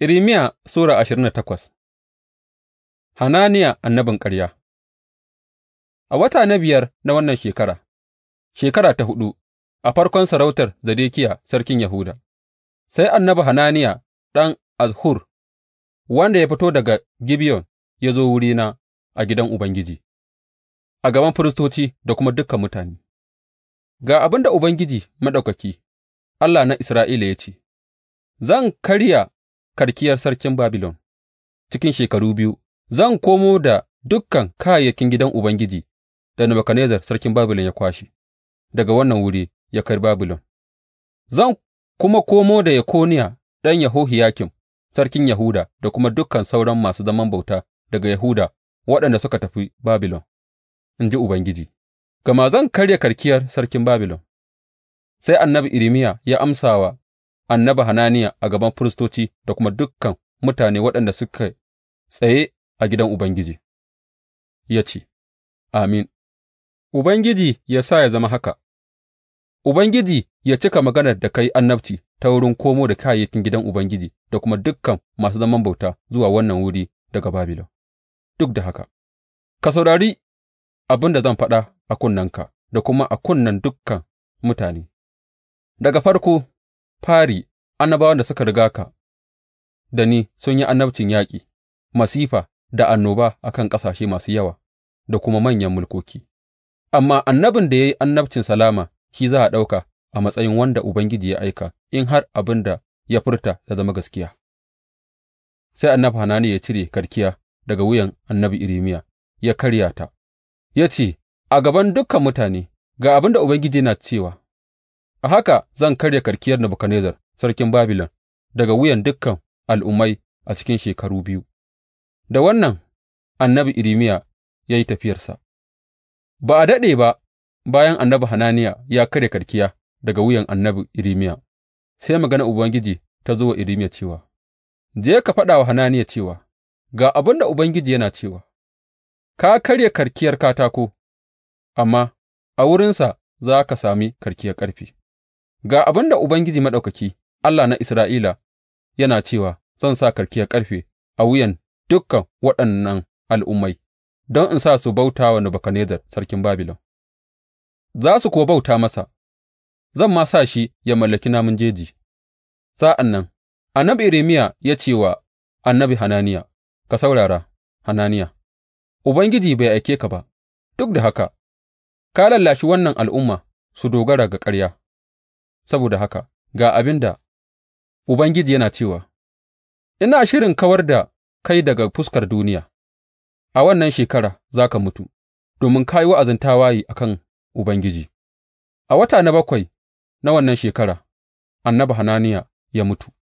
Irmiya Sura ashirin da takwas Hananiya annabin ƙarya A wata na biyar na wannan shekara, shekara ta hudu, a farkon sarautar Zedekiya sarkin Yahuda, sai annabi Hananiya ɗan Azhur, wanda ya fito daga Gibeon ya zo wurina a gidan Ubangiji, a gaban firistoci da kuma dukan mutane. Ga abin da Ubangiji Maɗaukaki, Allah na Isra'ila ya ce, Zan karya karkiyar sarkin Babilon, cikin shekaru biyu zan komo da dukan kayayyakin gidan Ubangiji da Nebuchadnezzar sarkin Babilon ya kwashe daga wannan wuri ya kai Babilon, zan kuma komo da Yekoniya ɗan Yahohiyakim sarkin Yahuda da kuma dukan sauran masu zaman bauta daga Yahuda waɗanda suka tafi Babilon, in ji Ubangiji, gama zan karya karkiyar sarkin Babilon. Sai annabi Irimiya ya amsa wa annabi Hananiya a gaban firistoci da kuma dukan mutane waɗanda suka tsaye a gidan Ubangiji, ya ce, Amin, Ubangiji ya sa ya zama haka, Ubangiji ya cika maganar da ka yi annabci ta wurin komo da kayayyakin gidan Ubangiji da kuma dukkan masu zaman bauta zuwa wannan wuri daga Babilon. Duk da haka, ka saurari abin da zan faɗa a kunnenka da kuma a kunnen dukkan mutane, daga farko fari annabawan da suka riga ka da ni sun yi annabcin yaƙi, masifa da annoba a kan ƙasashe masu yawa da kuma manyan mulkoki, amma annabin da ya yi annabcin salama shi za a ɗauka a matsayin wanda Ubangiji ya aika in har abin da ya furta ya zama gaskiya. Sai annabi Hananiya ya cire karkiya daga wuyan annabi Irimiya. ya karya ta, ya ce, A gaban dukan mutane, ga abin da Ubangiji na cewa. A haka zan karya karkiyar Nebukadnezzar sarkin Babilon daga wuyan dukan al'ummai a cikin shekaru biyu. Da wannan annabi Irimiya ya yi tafiyarsa Ba a daɗe ba bayan annabi Hananiya ya karya karkiya daga wuyan annabi Irimiya, sai magana Ubangiji ta zo wa Irimiya cewa, Je ka faɗa wa Hananiya cewa, Ga abin da Ubangiji yana cewa, Ka karya karkiyar katako, amma a wurinsa za ka sami karkiyar ƙarfi. Ga abin da Ubangiji Maɗaukaki, Allah na Isra'ila, yana cewa zan sa karkiyar ƙarfe a wuyan dukan waɗannan al'ummai don in sa su bauta wa Nebuchadnezzar sarkin Babilon, za su kuwa bauta masa, zan ma sa shi ya mallaki namun jeji. Sa'an nan, annabi Irimiya ya ce wa annabi Hananiya, Ka saurara, Hananiya, Ubangiji bai aike ka ba, duk da haka, ka lallashi wannan al'umma su dogara ga ƙarya. Saboda haka ga abin da Ubangiji yana cewa, Ina shirin kawar da kai daga fuskar duniya, a wannan shekara za ka mutu, domin ka yi wa'azin tawaye a kan Ubangiji. A wata na bakwai na wannan shekara, annabi Hananiya ya mutu.